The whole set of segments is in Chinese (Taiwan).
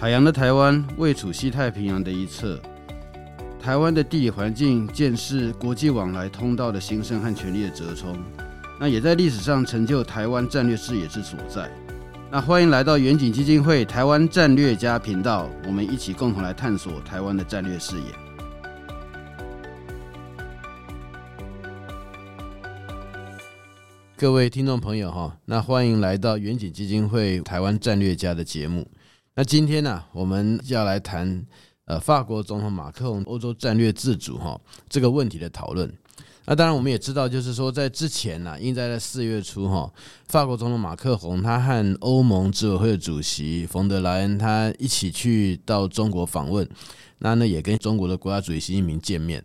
海洋的台灣位處西太平洋的一側，台灣的地理環境、見識國際往來通道的興盛和權力的折衝，那也在歷史上成就台灣戰略視野之所在。那歡迎來到遠景基金會台灣戰略家頻道，我們一起共同來探索台灣的戰略視野。各位聽眾朋友哈，那歡迎來到遠景基金會台灣戰略家的節目。那今天呢，我們要來談，呃，法國總統馬克宏歐洲戰略自主哈這個問題的討論。那當然，我們也知道，就是說，在之前呢，應該在四月初哈，法國總統馬克宏他和歐盟執委會的主席馮德萊恩他一起去到中國訪問。那呢也跟中國的國家主席習近平見面，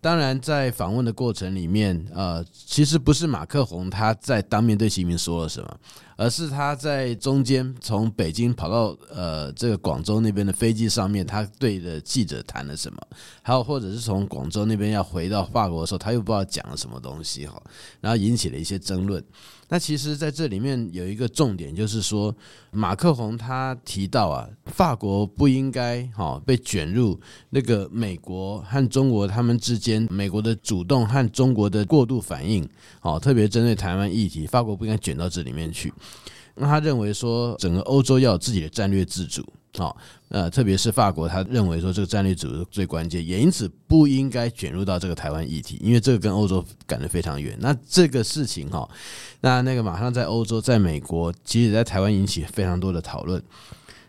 當然在訪問的過程裡面，呃，其實不是馬克宏他在當面對習近平說了什麼，而是他在中間從北京跑到呃這個廣州那邊的飛機上面，他對着記者談了什麼，還有或者是從廣州那邊要回到法國的時候，他又不知道講了什麼東西哈，然後引起了一些爭論。那其實在這裡面有一個重點，就是說馬克宏他提到啊，法國不應該哈被捲入。那個美國和中國他們之間，美國的主動和中國的過度反應，哦，特別針對台灣議題，法國不應該捲到這裡面去。那他認為說，整個歐洲要有自己的戰略自主，哦，呃，特別是法國，他認為說這個戰略自主最關鍵，也因此不應該捲入到這個台灣議題，因為這個跟歐洲感覺非常遠。那這個事情哈，那那個馬上在歐洲，在美國，其實在台灣引起非常多的討論。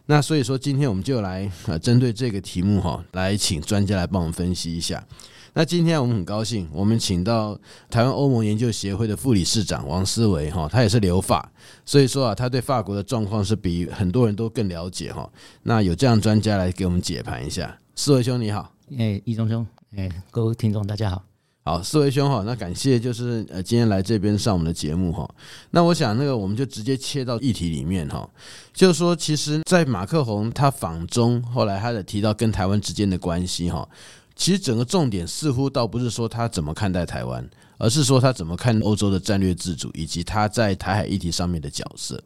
那所以說，今天我們就來啊，針對這個題目哈，來請專家來幫我們分析一下。那今天我們很高興，我們請到台灣歐盟研究協會的副理事長王思為哈，他也是留法，所以說啊，他對法國的狀況是比很多人都更了解哈。那有這樣專家來給我們解盤一下，思為兄你好，哎，怡忠兄，哎，各位聽眾大家好。好，思為兄哈，那感謝就是呃今天來這邊上我們的節目哈。那我想那個我們就直接切到議題裡面哈，就是說其實，在馬克宏他訪中後來他的提到跟台灣之間的關係哈，其實整個重點似乎倒不是說他怎麼看待台灣。而是說他怎麼看歐洲的戰略自主，以及他在台海議題上面的角色。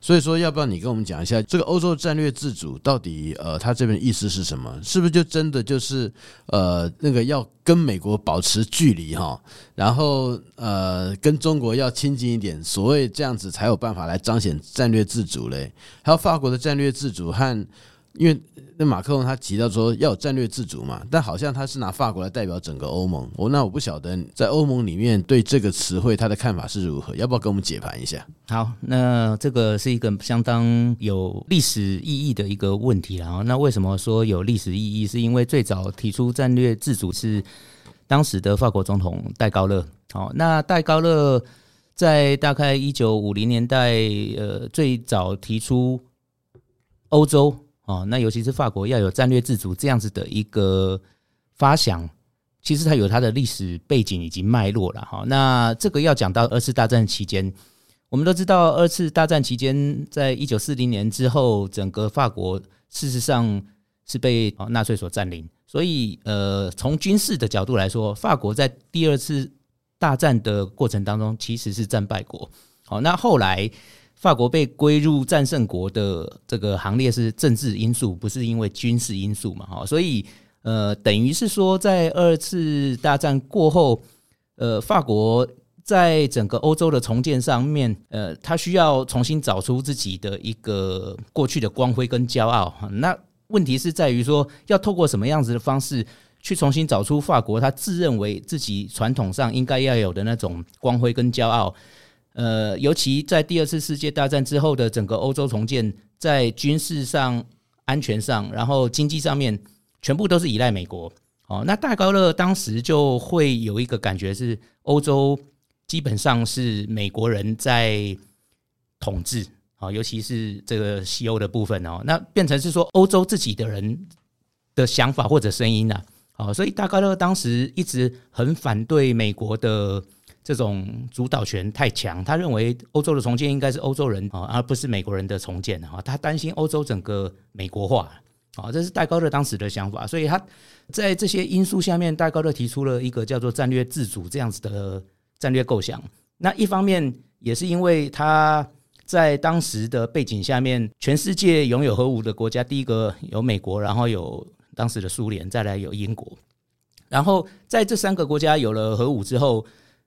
所以說，要不要你跟我們講一下這個歐洲戰略自主到底，呃，他這邊意思是什麼？是不是就真的就是呃那個要跟美國保持距離哈，然後呃跟中國要親近一點，所謂這樣子才有辦法來彰顯戰略自主嘞？還有法國的戰略自主和因為。那馬克宏他提到說要有戰略自主嘛，但好像他是拿法國來代表整個歐盟。我那我不曉得在歐盟裡面對這個詞彙他的看法是如何，要不要跟我們解盤一下？好，那這個是一個相當有歷史意義的一個問題啊。那為什麼說有歷史意義？是因為最早提出戰略自主是當時的法國總統戴高樂。好，那戴高樂在大概一九五零年代，呃，最早提出歐洲。哦，那尤其是法國要有戰略自主這樣子的一個發想，其實它有它的歷史背景以及脈絡了哈。那這個要講到二次大戰期間，我們都知道二次大戰期間，在一九四零年之後，整個法國事實上是被納粹所佔領，所以呃，從軍事的角度來說，法國在第二次大戰的過程當中其實是戰敗國。好，那後來。法國被歸入戰勝國的這個行列是政治因素，不是因為軍事因素嘛？哈，所以呃，等於是說，在二次大戰過後，呃，法國在整個歐洲的重建上面，呃，他需要重新找出自己的一個過去的光輝跟驕傲。那問題是在於說，要透過什麼樣子的方式去重新找出法國他自認為自己傳統上應該要有的那種光輝跟驕傲。呃，尤其在第二次世界大戰之後的整個歐洲重建，在軍事上、安全上，然後經濟上面，全部都是依賴美國。哦，那戴高樂當時就會有一個感覺是，歐洲基本上是美國人在統治。啊、哦，尤其是這個西歐的部分哦，那變成是說歐洲自己的人的想法或者聲音呢、啊？哦，所以戴高樂當時一直很反對美國的。這種主導權太強，他認為歐洲的重建應該是歐洲人啊，而不是美國人的重建哈。他擔心歐洲整個美國化啊，這是戴高樂當時的想法。所以他在這些因素下面，戴高樂提出了一個叫做“戰略自主”這樣子的戰略構想。那一方面也是因為他在當時的背景下面，全世界擁有核武的國家，第一個有美國，然後有當時的蘇聯，再來有英國，然後在這三個國家有了核武之後。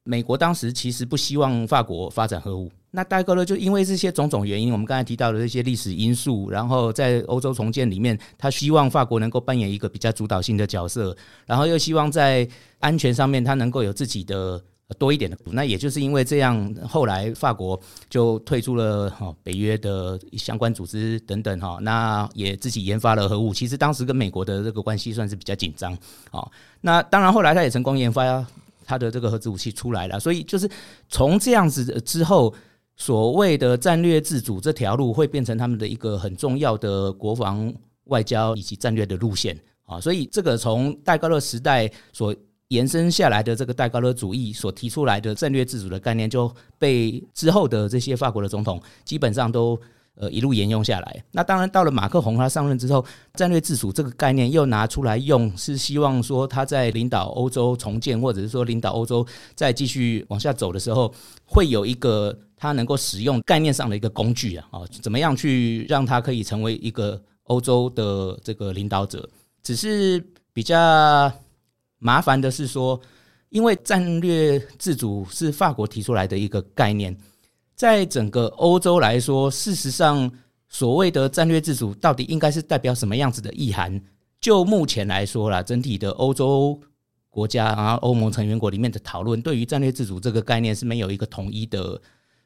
美國當時其實不希望法國發展核武，那大概呢，就因為這些種種原因，我們剛才提到的這些歷史因素，然後在歐洲重建裡面，他希望法國能夠扮演一個比較主導性的角色，然後又希望在安全上面他能夠有自己的多一點的，那也就是因為這樣，後來法國就退出了哈北約的相關組織等等哈，那也自己研發了核武，其實當時跟美國的這個關係算是比較緊張啊，那當然後來他也成功研發啊。他的這個核子武器出來了，所以就是從這樣子之後，所謂的戰略自主這條路會變成他們的一個很重要的國防外交以及戰略的路線啊。所以這個從戴高樂時代所延伸下來的這個戴高樂主義所提出來的戰略自主的概念，就被之後的這些法國的總統基本上都。呃，一路沿用下來。那當然，到了馬克宏他上任之後，戰略自主這個概念又拿出來用，是希望說他在領導歐洲重建，或者是說領導歐洲再繼續往下走的時候，會有一個他能夠使用概念上的一個工具啊，啊、哦，怎麼樣去讓他可以成為一個歐洲的這個領導者？只是比較麻煩的是說，因為戰略自主是法國提出來的一個概念。在整個歐洲來說，事實上，所謂的戰略自主到底應該是代表什麼樣子的意涵？就目前來說啦，整體的歐洲國家啊，歐盟成員國裡面的討論，對於戰略自主這個概念是沒有一個統一的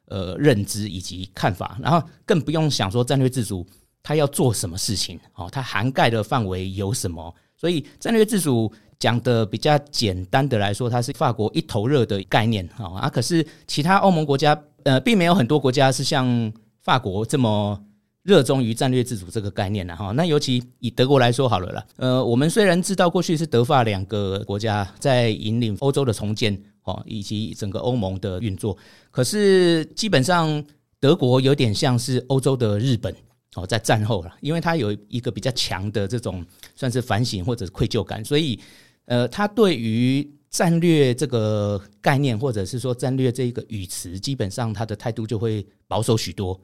呃認知以及看法。然後更不用想說戰略自主它要做什麼事情哦，它涵蓋的範圍有什麼？所以戰略自主。講的比較簡單的來說，它是法國一頭熱的概念啊啊！可是其他歐盟國家呃，並沒有很多國家是像法國這麼熱衷於戰略自主這個概念的哈，啊。那尤其以德國來說好了啦，呃，我們雖然知道過去是德法兩個國家在引領歐洲的重建，啊，以及整個歐盟的運作，可是基本上德國有點像是歐洲的日本，啊，在戰後了，因為它有一個比較強的這種算是反省或者是愧疚感，所以。呃，他對於戰略這個概念，或者是說戰略這一個語詞，基本上他的態度就會保守許多。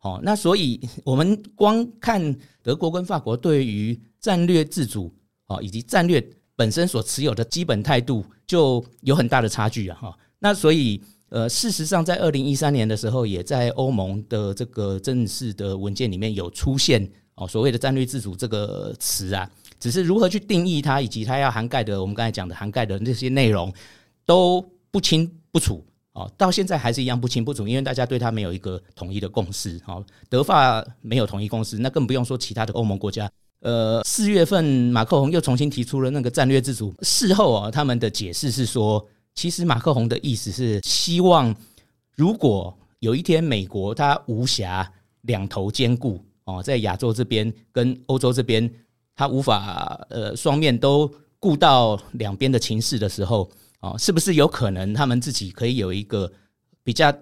好，那所以我們光看德國跟法國對於戰略自主以及戰略本身所持有的基本態度，就有很大的差距啊。好，那所以呃，事實上在二零一三年的時候，也在歐盟的這個正式的文件裡面有出現哦，所謂的戰略自主這個詞啊。只是如何去定義它，以及它要涵蓋的，我們剛才講的涵蓋的這些內容都不清不楚哦。到現在還是一樣不清不楚，因為大家對它沒有一個統一的共識。哦，德法沒有統一共識，那更不用說其他的歐盟國家。呃，四月份馬克宏又重新提出了那個戰略自主，事後啊他們的解釋是說，其實馬克宏的意思是希望，如果有一天美國它無暇兩頭兼顧哦，在亞洲這邊跟歐洲這邊。他無法呃雙面都顧到兩邊的情勢的時候啊，是不是有可能他們自己可以有一個比較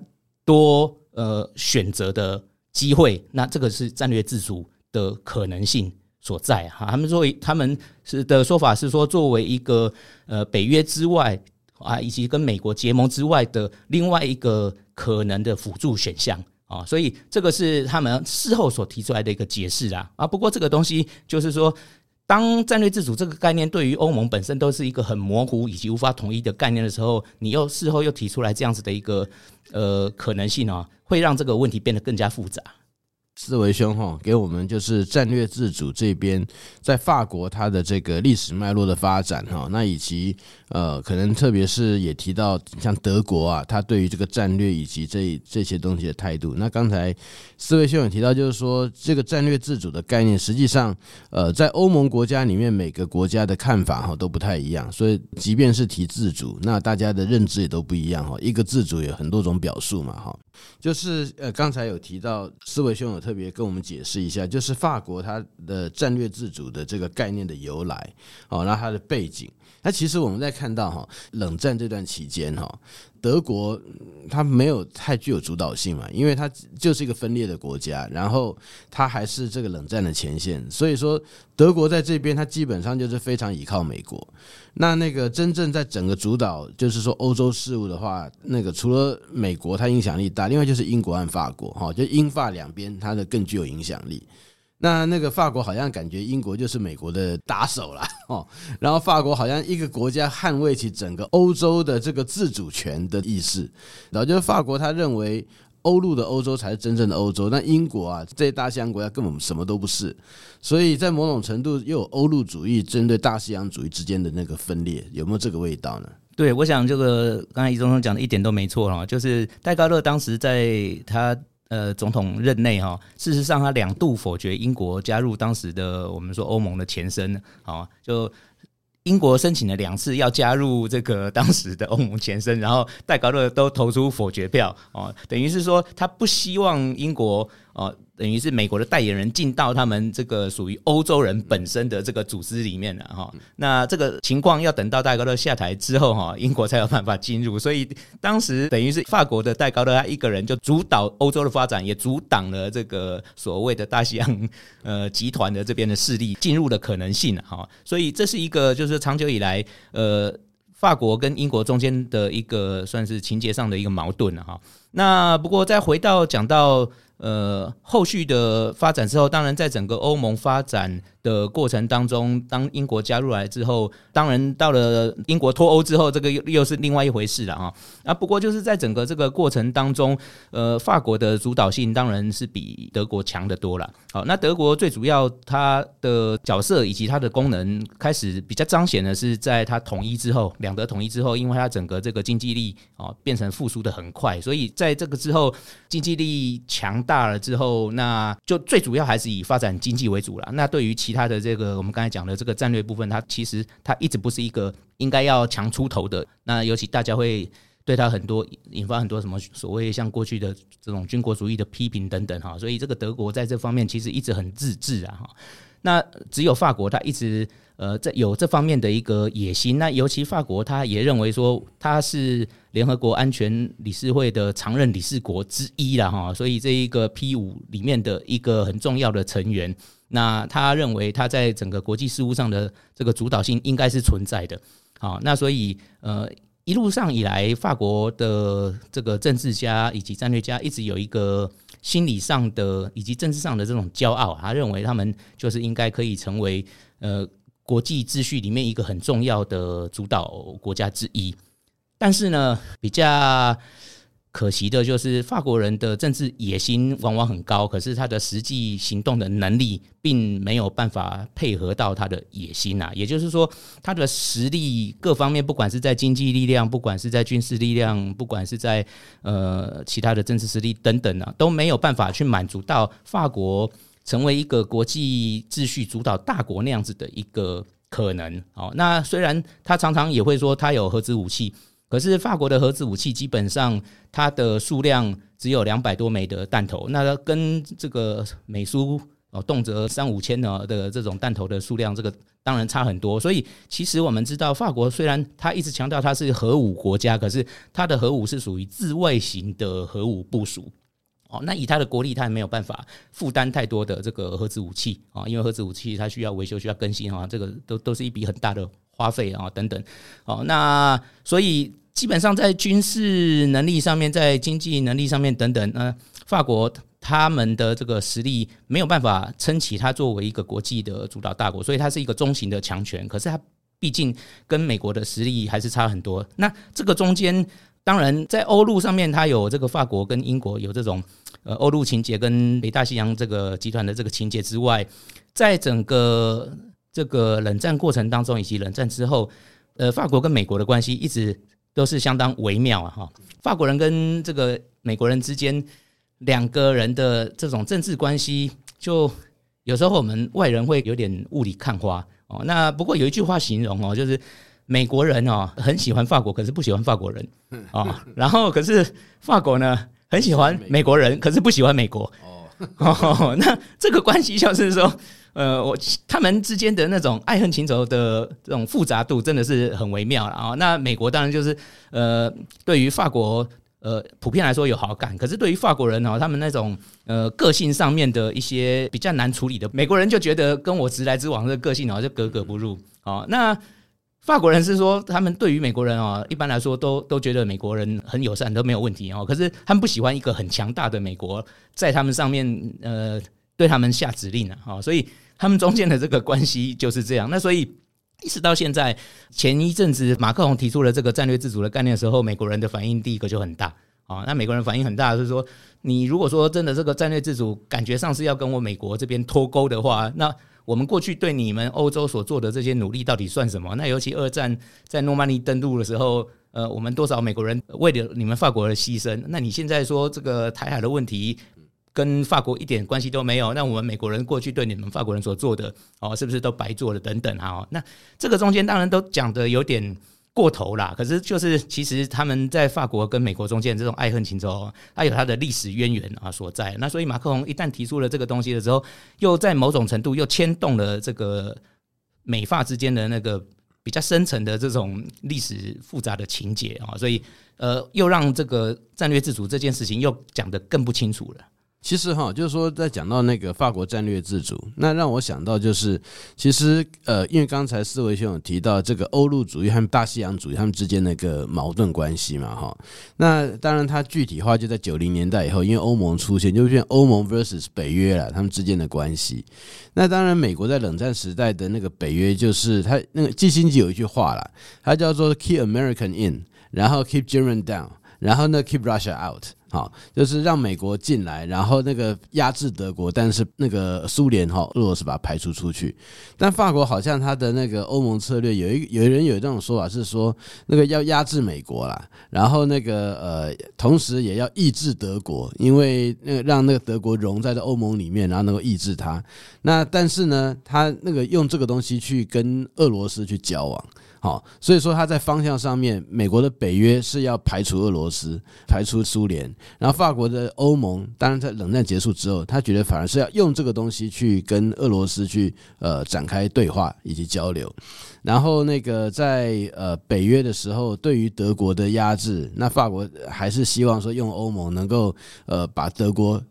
多呃選擇的機會？那這個是戰略自主的可能性所在哈，啊。他們作為他們是的說法是說，作為一個呃北約之外啊，以及跟美國結盟之外的另外一個可能的輔助選項。啊，哦、所以這個是他們事後所提出來的一個解釋啦。啊，不過這個東西就是說，當戰略自主這個概念對於歐盟本身都是一個很模糊以及無法統一的概念的時候，你又事後又提出來這樣子的一個呃可能性哦、啊，會讓這個問題變得更加複雜。思維兄哈，給我們就是戰略自主這邊，在法國它的這個歷史脈絡的發展哈，那以及呃，可能特別是也提到像德國啊，它對於這個戰略以及這這些東西的態度。那剛才思維兄也提到，就是說這個戰略自主的概念，實際上呃，在歐盟國家裡面，每個國家的看法哈都不太一樣，所以即便是提自主，那大家的認知也都不一樣哈。一個自主有很多種表述嘛哈。就是呃，剛才有提到，思為兄有特別跟我們解釋一下，就是法國它的戰略自主的這個概念的由來，哦，那它的背景。那其實我們在看到哈冷戰這段期間哈，德國它沒有太具有主導性嘛，因為它就是一個分裂的國家，然後它還是這個冷戰的前線，所以說德國在這邊它基本上就是非常依靠美國。那那個真正在整個主導就是說歐洲事務的話，那個除了美國它影響力大，另外就是英國和法國哈，就英法兩邊它的更具有影響力。那那個法國好像感覺英國就是美國的打手了哦，然後法國好像一個國家捍衛起整個歐洲的這個自主權的意識，然後就是法國他認為歐陸的歐洲才是真正的歐洲，那英國啊這些大西洋國家根本什麼都不是，所以在某種程度又有歐陸主義針對大西洋主義之間的那個分裂，有沒有這個味道呢？對，我想這個剛才怡忠講的一點都沒錯哈，就是戴高樂當時在他。呃，總統任內哈、哦，事實上他兩度否決英國加入當時的我們說歐盟的前身，好、哦，就英國申請了兩次要加入這個當時的歐盟前身，然後戴高樂都投出否決票，哦，等於是說他不希望英國。哦，等於是美國的代言人進到他們這個屬於歐洲人本身的這個組織裡面了哈、哦。那這個情況要等到戴高樂下台之後哈、哦，英國才有辦法進入。所以當時等於是法國的戴高樂他一個人就主導歐洲的發展，也阻擋了這個所謂的大西洋呃集團的這邊的勢力進入的可能性哈、哦。所以這是一個就是長久以來呃法國跟英國中間的一個算是情節上的一個矛盾了哈、哦。那不過再回到講到。呃，後續的發展之後，當然在整個歐盟發展的過程當中，當英國加入來之後，當然到了英國脫歐之後，這個又又是另外一回事了啊。啊，不過就是在整個這個過程當中，呃，法國的主導性當然是比德國強得多了。好，那德國最主要它的角色以及它的功能，開始比較彰顯的是在它統一之後，兩德統一之後，因為它整個這個經濟力哦變成復甦得很快，所以在這個之後，經濟力強。大了之後，那就最主要還是以發展經濟為主啦。那對於其他的這個，我們剛才講的這個戰略部分，它其實它一直不是一個應該要強出頭的。那尤其大家會。對，他很多引發很多什麼所謂像過去的這種軍國主義的批評等等哈，所以這個德國在這方面其實一直很自制啊哈。那只有法國，他一直呃在有這方面的一個野心。那尤其法國，他也認為說他是聯合國安全理事會的常任理事國之一了哈，所以這一個 P 五裡面的一個很重要的成員。那他認為他在整個國際事務上的這個主導性應該是存在的。好，那所以呃。一路上以來，法國的這個政治家、以及戰略家一直有一個心理上的以及政治上的這種驕傲啊，他認為他們就是應該可以成為呃國際秩序裡面一個很重要的主導國家之一。但是呢，比較。可惜的就是，法國人的政治野心往往很高，可是他的實際行動的能力並沒有辦法配合到他的野心啊。也就是說，他的實力各方面，不管是在經濟力量，不管是在軍事力量，不管是在呃其他的政治實力等等啊，都沒有辦法去滿足到法國成為一個國際秩序主導大國那樣子的一個可能。哦，那雖然他常常也會說他有核子武器。可是法國的核子武器基本上它的數量只有兩百多枚的彈頭，那跟這個美蘇哦動輒三五千的的這種彈頭的數量，這個當然差很多。所以其實我們知道，法國雖然它一直強調它是核武國家，可是它的核武是屬於自衛型的核武部署。哦，那以他的國力，他也沒有辦法負擔太多的這個核子武器啊，因為核子武器它需要維修、需要更新啊，這個都都是一筆很大的花費啊，等等。哦，那所以基本上在軍事能力上面，在經濟能力上面等等，那法國他們的這個實力沒有辦法撐起它作為一個國際的主導大國，所以它是一個中型的強權。可是它畢竟跟美國的實力還是差很多。那這個中間。當然，在歐陸上面，它有這個法國跟英國有這種呃歐陸情結跟北大西洋這個集團的這個情結之外，在整個這個冷戰過程當中以及冷戰之後，呃，法國跟美國的關係一直都是相當微妙啊！哈，法國人跟這個美國人之間兩個人的這種政治關係，就有時候我們外人會有點霧裡看花哦。那不過有一句話形容哦，就是。美國人哦，很喜歡法國，可是不喜歡法國人，啊、 哦，然後可是法國呢，很喜歡美國人，可是不喜歡美國。 哦，那這個關係就是說，呃，我他們之間的那種愛恨情仇的這種複雜度，真的是很微妙了啊、哦。那美國當然就是呃，對於法國呃，普遍來說有好感，可是對於法國人呢，他們那種呃個性上面的一些比較難處理的，美國人就覺得跟我直來直往的個性啊，就格格不入啊、嗯哦。那法國人是說，他們對於美國人哦，一般來說都都覺得美國人很友善，都沒有問題哦。可是他們不喜歡一個很強大的美國在他們上面，呃，對他們下指令了啊。所以他們中間的這個關係就是這樣。那所以一直到現在，前一陣子馬克宏提出了這個戰略自主的概念的時候，美國人的反應第一個就很大啊。那美國人反應很大就是說，你如果說真的這個戰略自主感覺上是要跟我美國這邊脫鈎的話，那我們過去對你們歐洲所做的這些努力到底算什麼？那尤其二戰在諾曼底登陸的時候，呃，我們多少美國人為了你們法國而犧牲？那你現在說這個台海的問題跟法國一點關係都沒有？那我們美國人過去對你們法國人所做的哦，是不是都白做了？等等，哈，那這個中間當然都講的有點。過頭啦，可是就是其實他們在法國跟美國中間這種愛恨情仇，它有它的歷史淵源啊所在。那所以馬克宏一旦提出了這個東西的時候，又在某種程度又牽動了這個美法之間的那個比較深層的這種歷史複雜的情節啊，所以呃，又讓這個戰略自主這件事情又講得更不清楚了。其實哈，就是說，在講到那個法國戰略自主，那讓我想到就是，其實呃，因為剛才思為兄有提到這個歐陸主義和大西洋主義他們之間的一個矛盾關係嘛，哈。那當然，它具體化就在九零年代以後，因為歐盟出現，就是歐盟 versus 北約了，他們之間的關係。那當然，美國在冷戰時代的那個北約，就是他那個基辛格有一句話了，他叫做 keep American in，然後 keep German down，然後呢 keep Russia out。好，就是讓美國進來，然後那個壓制德國，但是那個蘇聯哈，俄羅斯把它排除出去。但法國好像他的那個歐盟策略，有一有人有這種說法是說，那個要壓制美國啦，然後那個呃，同時也要抑制德國，因為那個讓那個德國融在這歐盟裡面，然後能夠抑制它。那但是呢，他那個用這個東西去跟俄羅斯去交往。好，所以說他在方向上面，美國的北約是要排除俄羅斯、排除蘇聯，然後法國的歐盟，當然在冷戰結束之後，他覺得反而是要用這個東西去跟俄羅斯去呃展開對話以及交流，然後那個在呃北約的時候對於德國的壓制，那法國還是希望說用歐盟能夠呃把德國。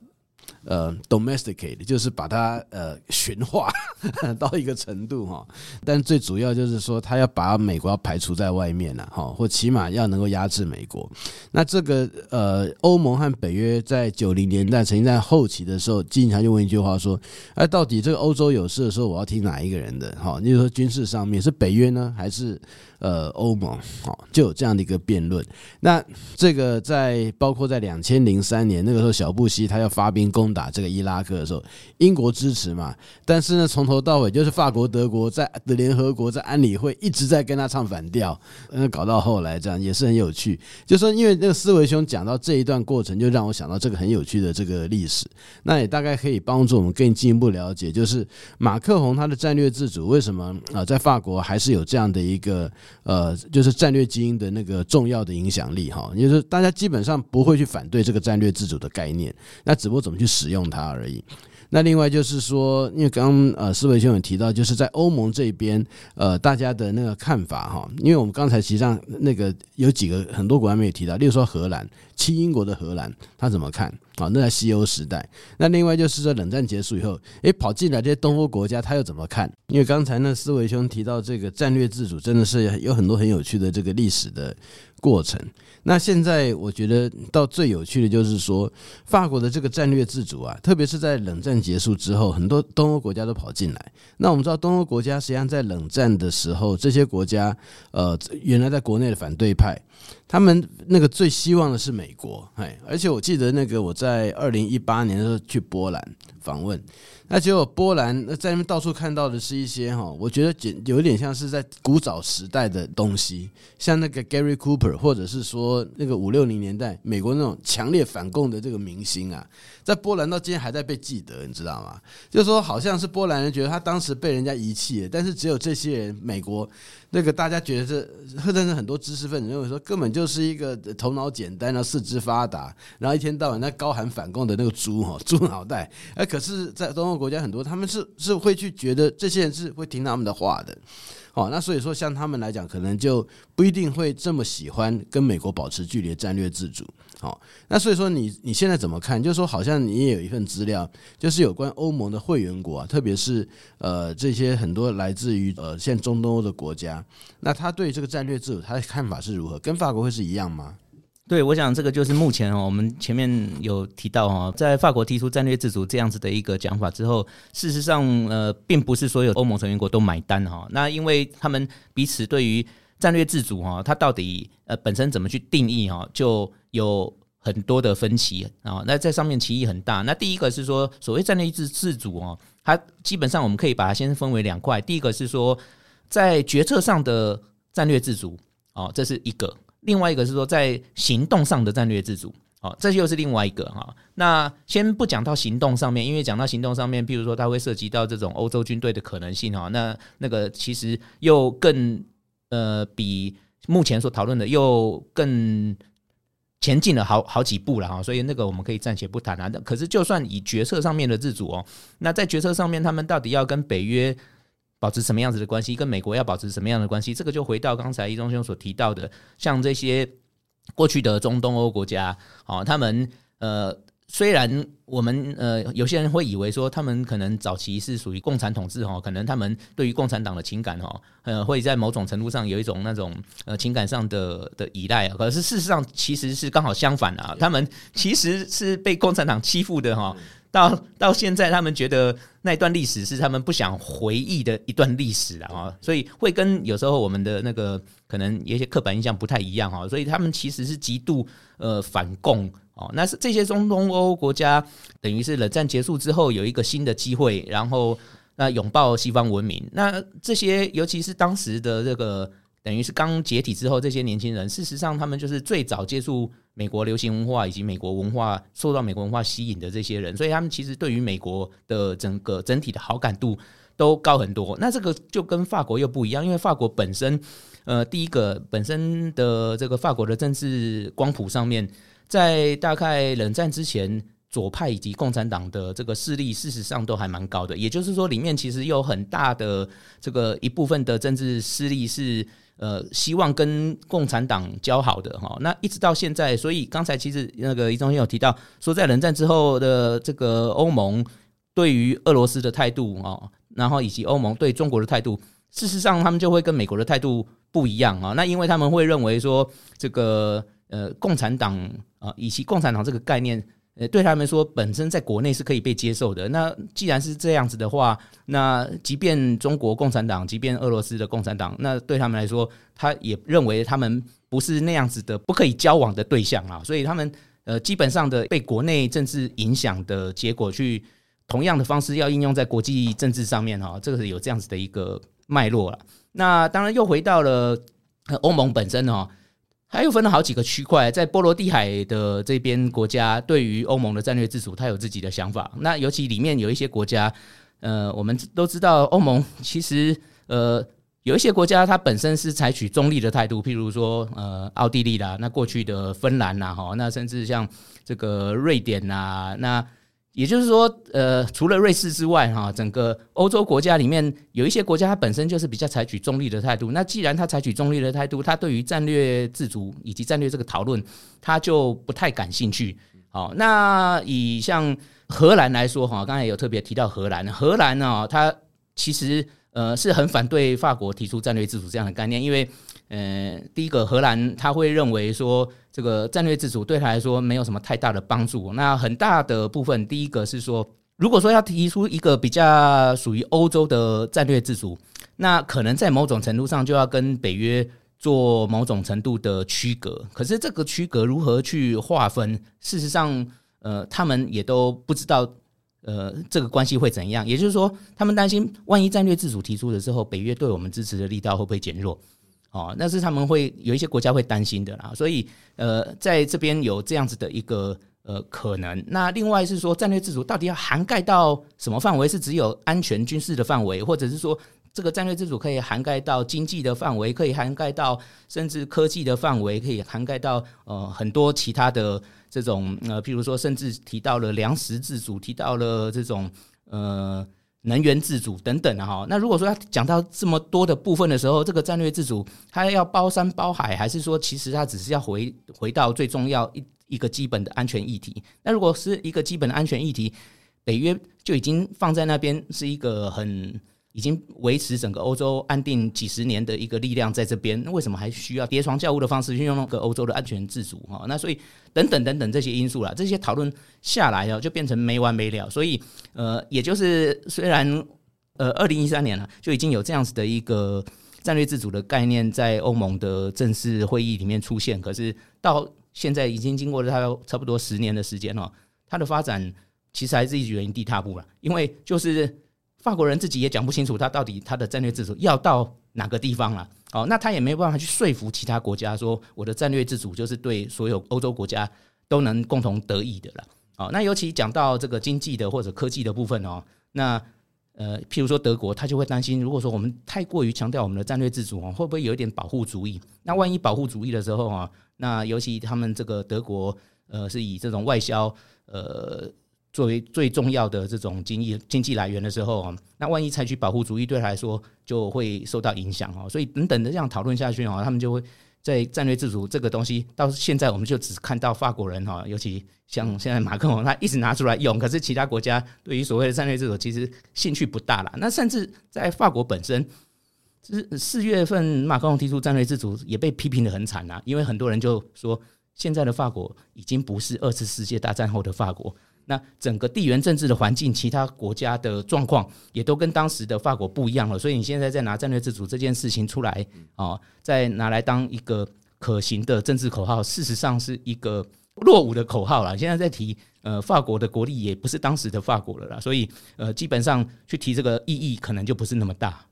呃，domesticated 就是把它呃馴化 到一個程度哈，但最主要就是說他要把美國要排除在外面了哈，或起碼要能夠壓制美國。那這個呃，歐盟和北約在九零年代曾經在後期的時候，經常就問一句話說：哎、呃，到底這個歐洲有事的時候，我要聽哪一個人的？哈，你比如說軍事上面是北約呢，還是呃歐盟？哈，就有這樣的一個辯論。那這個在包括在兩千零三年那個時候，小布希他要發兵攻。打這個伊拉克的時候，英國支持嘛？但是呢，從頭到尾就是法國、德國在的聯合國在安理會一直在跟他唱反調，那搞到後來這樣也是很有趣。就說因為那個思為兄講到這一段過程，就讓我想到這個很有趣的這個歷史。那也大概可以幫助我們更進一步了解，就是馬克宏他的戰略自主為什麼啊、呃？在法國還是有這樣的一個呃，就是戰略基因的那個重要的影響力哈？就是大家基本上不會去反對這個戰略自主的概念，那只不過怎麼去實。使用它而已。那另外就是說，因為剛呃，思為兄有提到，就是在歐盟這邊，呃，大家的那個看法哈。因為我們剛才實際上那個有幾個很多國家沒有提到，例如說荷蘭，親英國的荷蘭，他怎麼看？好，那在西歐時代，那另外就是說，冷戰結束以後，誒、欸，跑進來這些東歐國家，他又怎麼看？因為剛才呢，思為兄提到這個戰略自主，真的是有很多很有趣的這個歷史的過程。那現在我覺得到最有趣的，就是說法國的這個戰略自主啊，特別是在冷戰結束之後，很多東歐國家都跑進來。那我們知道，東歐國家實際上在冷戰的時候，這些國家呃，原來在國內的反對派。他們那個最希望的是美國，哎，而且我記得那個我在二零一八年的時候去波蘭訪問，那結果波蘭那在那邊到處看到的是一些哈，我覺得簡有點像是在古早時代的東西，像那個 Gary Cooper 或者是說那個五六零年代美國那種強烈反共的這個明星啊，在波蘭到今天還在被記得，你知道嗎？就是說好像是波蘭人覺得他當時被人家遺棄了，但是只有這些人，美國。這個大家覺得是，或是很多知識分子認為說，根本就是一個頭腦簡單啊，四肢發達，然後一天到晚在高喊反共的那個豬哈豬腦袋。哎，可是，在東歐國家很多，他們是是會去覺得這些人是會聽他們的話的。好，那所以說，像他們來講，可能就不一定會這麼喜歡跟美國保持距離的戰略自主。哦，那所以說你你現在怎麼看？就是說，好像你也有一份資料，就是有關歐盟的會員國啊，特別是呃這些很多來自於呃現在中東歐的國家，那他對這個戰略自主他的看法是如何？跟法國會是一樣嗎？對，我想這個就是目前哦，我們前面有提到哦，在法國提出戰略自主這樣子的一個講法之後，事實上呃並不是所有歐盟成員國都買單哈。那因為他們彼此對於。戰略自主哈，它到底呃本身怎麼去定義哈，就有很多的分歧啊。那在上面歧義很大。那第一個是說，所謂戰略自自主哦，它基本上我們可以把它先分為兩塊。第一個是說，在決策上的戰略自主哦，這是一個；另外一個是說，在行動上的戰略自主哦，這又是另外一個哈。那先不講到行動上面，因為講到行動上面，譬如說它會涉及到這種歐洲軍隊的可能性哈。那那個其實又更。呃，比目前所討論的又更前進了好好幾步了哈、哦，所以那個我們可以暫且不談啊。那可是就算以決策上面的自主哦，那在決策上面，他們到底要跟北約保持什麼樣子的關係，跟美國要保持什麼樣的關係？這個就回到剛才怡忠兄所提到的，像這些過去的中東歐國家啊、哦，他們呃。雖然我們呃有些人會以為說他們可能早期是屬於共產統治哈，可能他們對於共產黨的情感哈，呃會在某種程度上有一種那種呃情感上的的依賴，可是事實上其實是剛好相反啊，他們其實是被共產黨欺負的哈，到到現在他們覺得那段歷史是他們不想回憶的一段歷史啦，所以會跟有時候我們的那個可能有些刻板印象不太一樣哈，所以他們其實是極度呃反共。哦，那是這些中東歐國家，等於是冷戰結束之後有一個新的機會，然後那擁抱西方文明。那這些，尤其是當時的這個，等於是剛解體之後，這些年輕人，事實上他們就是最早接觸美國流行文化以及美國文化，受到美國文化吸引的這些人，所以他們其實對於美國的整個整體的好感度都高很多。那這個就跟法國又不一樣，因為法國本身，呃，第一個本身的這個法國的政治光譜上面。在大概冷戰之前，左派以及共產黨的這個勢力，事實上都還蠻高的。也就是說，裡面其實有很大的這個一部分的政治勢力是呃，希望跟共產黨交好的哈。那一直到現在，所以剛才其實那個怡忠也有提到，說在冷戰之後的這個歐盟對於俄羅斯的態度啊，然後以及歐盟對中國的態度，事實上他們就會跟美國的態度不一樣啊。那因為他們會認為說這個。呃，共產黨啊、呃，以及共產黨這個概念，呃，對他們說本身在國內是可以被接受的。那既然是這樣子的話，那即便中國共產黨，即便俄羅斯的共產黨，那對他們來說，他也認為他們不是那樣子的，不可以交往的對象啊。所以他們呃，基本上的被國內政治影響的結果，去同樣的方式要應用在國際政治上面哈、啊，這個是有這樣子的一個脈絡了。那當然又回到了呃、歐盟本身哈、啊。它又分了好幾個區塊，在波羅的海的這邊國家，對於歐盟的戰略自主，它有自己的想法。那尤其裡面有一些國家，呃，我們都知道，歐盟其實，呃，有一些國家它本身是採取中立的態度，譬如說，呃，奧地利啦，那過去的芬蘭啦，哈，那甚至像這個瑞典吶，啊，那。也就是說，呃，除了瑞士之外，哈、哦，整個歐洲國家裡面有一些國家，它本身就是比較採取中立的態度。那既然它採取中立的態度，它對於戰略自主以及戰略這個討論，它就不太感興趣。好、哦，那以像荷蘭來說，哈、哦，剛才有特別提到荷蘭，荷蘭呢、哦，它其實呃是很反對法國提出戰略自主這樣的概念，因為。呃，第一個，荷蘭他會認為說，這個戰略自主對他來說沒有什麼太大的幫助。那很大的部分，第一個是說，如果說要提出一個比較屬於歐洲的戰略自主，那可能在某種程度上就要跟北約做某種程度的區隔。可是這個區隔如何去劃分，事實上，呃，他們也都不知道，呃，這個關係會怎樣。也就是說，他們擔心，萬一戰略自主提出的時候，北約對我們支持的力道會不會減弱？哦，那是他們會有一些國家會擔心的啦，所以呃，在這邊有這樣子的一個呃可能。那另外是說，戰略自主到底要涵蓋到什麼範圍？是只有安全軍事的範圍，或者是說，這個戰略自主可以涵蓋到經濟的範圍，可以涵蓋到甚至科技的範圍，可以涵蓋到呃很多其他的這種呃，譬如說，甚至提到了糧食自主，提到了這種呃。能源自主等等的哈，那如果說他講到這麼多的部分的時候，這個戰略自主，他要包山包海，還是說其實他只是要回回到最重要一一個基本的安全議題？那如果是一個基本的安全議題，北約就已經放在那邊是一個很。已經維持整個歐洲安定幾十年的一個力量在這邊，那為什麼還需要疊床架屋的方式去用那個歐洲的安全自主啊？那所以等等等等這些因素啦，這些討論下來哦，就變成沒完沒了。所以呃，也就是雖然呃，二零一三年了、啊，就已經有這樣子的一個戰略自主的概念在歐盟的正式會議裡面出現，可是到現在已經經過了差差不多十年的時間了、啊，它的發展其實還是一直原地踏步了，因為就是。法國人自己也講不清楚，他到底他的戰略自主要到哪個地方了、啊？哦，那他也沒辦法去說服其他國家說，我的戰略自主就是對所有歐洲國家都能共同得益的了。哦，那尤其講到這個經濟的或者科技的部分哦，那呃，譬如說德國，他就會擔心，如果說我們太過於強調我們的戰略自主哦，會不會有一點保護主義？那萬一保護主義的時候、哦、那尤其他們這個德國，呃，是以這種外銷，呃。作為最重要的這種經濟經濟來源的時候，那萬一採取保護主義，對他來說就會受到影響，所以你等着這樣討論下去，他們就會在戰略自主這個東西，到現在我們就只看到法國人哈，尤其像現在馬克宏他一直拿出來用，可是其他國家對於所謂的戰略自主其實興趣不大了。那甚至在法國本身，是四月份馬克宏提出戰略自主也被批評得很慘，因為很多人就說，現在的法國已經不是二次世界大戰後的法國。那整個地緣政治的環境，其他國家的狀況也都跟當時的法國不一樣了，所以你現在在拿戰略自主這件事情出來啊、哦，再拿來當一個可行的政治口號，事實上是一個落伍的口號了。現在在提呃法國的國力也不是當時的法國了啦，所以呃基本上去提這個意義可能就不是那麼大。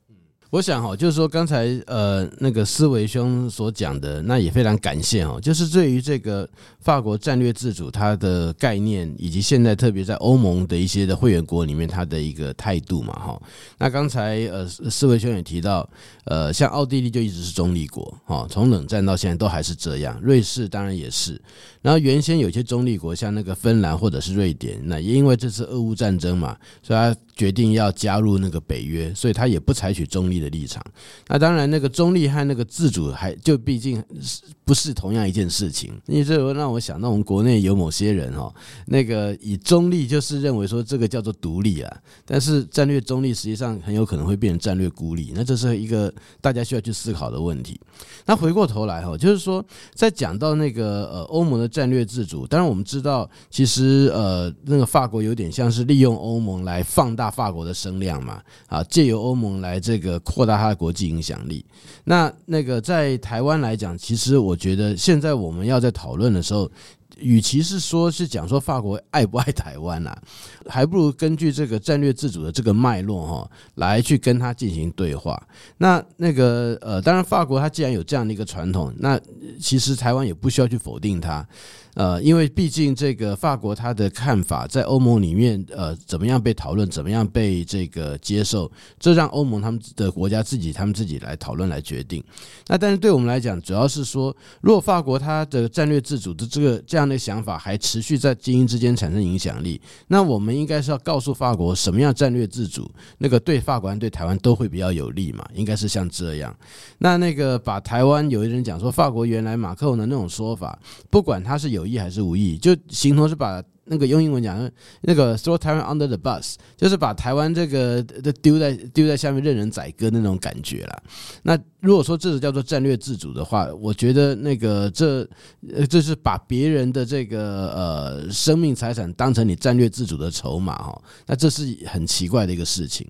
我想哈，就是說剛才呃那個思為兄所講的，那也非常感謝哈，就是對於這個法國戰略自主它的概念，以及現在特別在歐盟的一些的會員國裡面，它的一個態度嘛哈。那剛才呃思為兄也提到，呃像奧地利就一直是中立國哈，從冷戰到現在都還是這樣。瑞士當然也是。然後原先有些中立國，像那個芬蘭或者是瑞典，那也因為這次俄烏戰爭嘛，所以他。決定要加入那個北約，所以他也不採取中立的立場。那當然，那個中立和那個自主，還就畢竟是不是同樣一件事情。因為這讓我想到我們國內有某些人哈，那個以中立就是認為說這個叫做獨立啊，但是戰略中立實際上很有可能會變成戰略孤立。那這是一個大家需要去思考的問題。那回過頭來哈，就是說在講到那個呃歐盟的戰略自主，當然我們知道，其實呃那個法國有點像是利用歐盟來放大。大法國的聲量嘛，啊，借由歐盟來這個擴大它的國際影響力。那那個在台灣來講，其實我覺得現在我們要在討論的時候，與其是說是講說法國愛不愛台灣啊，還不如根據這個戰略自主的這個脈絡哈、哦，來去跟他進行對話。那那個呃，當然法國它既然有這樣的一個傳統，那其實台灣也不需要去否定它。呃，因為畢竟這個法國他的看法在歐盟裡面，呃，怎麼樣被討論，怎麼樣被這個接受，這讓歐盟他們的國家自己他們自己來討論來決定。那但是對我們來講，主要是說，如果法國他的戰略自主的這個這樣的想法還持續在精英之間產生影響力，那我們應該是要告訴法國什麼樣戰略自主，那個對法國對台灣都會比較有利嘛？應該是像這樣。那那個把台灣，有一人講說，法國原來馬克宏的那種說法，不管他是有。有意還是無意，就形同是把那個用英文講，那個 throw Taiwan under the bus，就是把台灣這個丟在丟在下面任人宰割那種感覺了。那如果說這個叫做戰略自主的話，我覺得那個這這是把別人的這個呃生命財產當成你戰略自主的籌碼哦。那這是很奇怪的一個事情。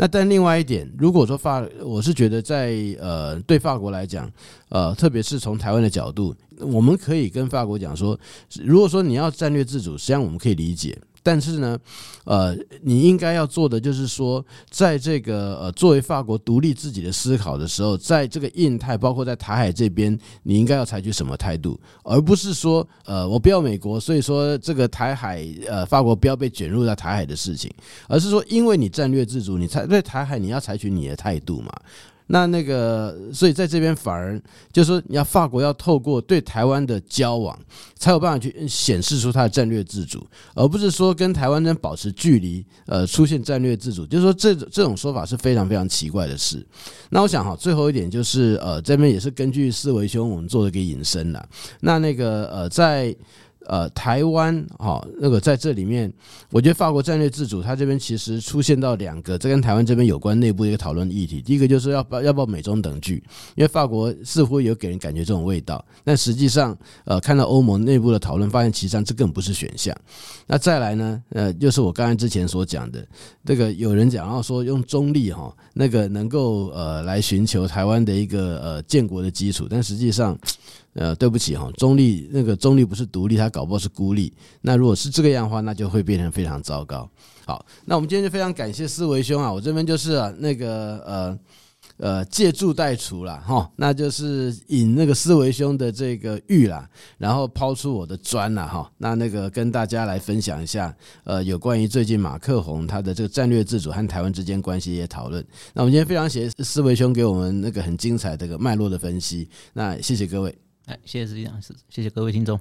那但另外一點，如果說法，我是覺得在呃對法國來講，呃特別是從台灣的角度。我們可以跟法國講說，如果說你要戰略自主，實際上我們可以理解。但是呢，呃，你應該要做的就是說，在這個呃作為法國獨立自己的思考的時候，在這個印太包括在台海這邊，你應該要採取什麼態度，而不是說，呃，我不要美國，所以說這個台海呃法國不要被捲入到台海的事情，而是說，因為你戰略自主，你才在台海你要採取你的態度嘛。那那個，所以在這邊反而就是說，你要法國要透過對台灣的交往，才有辦法去顯示出它的戰略自主，而不是說跟台灣人保持距離，呃，出現戰略自主，就是說這這種說法是非常非常奇怪的事。那我想哈，最後一點就是，呃，這邊也是根據思為兄我們做了一個引申了。那那個呃，在。呃，台灣，哈，那個在這裡面，我覺得法國戰略自主，它這邊其實出現到兩個，這跟台灣這邊有關內部一個討論議題。第一個就是要不要、要不要美中等距，因為法國似乎有給人感覺這種味道，但實際上，呃，看到歐盟內部的討論，發現其實上這根本不是選項。那再來呢，呃，就是我剛才之前所講的，這個有人講到說用中立，哈，那個能夠呃來尋求台灣的一個呃建國的基礎，但實際上。呃，對不起哈，中立那個中立不是獨立，他搞不好是孤立。那如果是這個樣的話，那就會變成非常糟糕。好，那我們今天就非常感謝思為兄啊，我這邊就是、啊、那個呃。呃，借助代出了哈，那就是引那個思為兄的這個玉啦，然後拋出我的磚了哈，那那個跟大家來分享一下，呃，有關於最近馬克宏他的這個戰略自主和台灣之間關係也討論。那我們今天非常謝謝思為兄給我們那個很精彩這個脈絡的分析，那謝謝各位，哎，謝謝石老師，謝謝各位聽眾。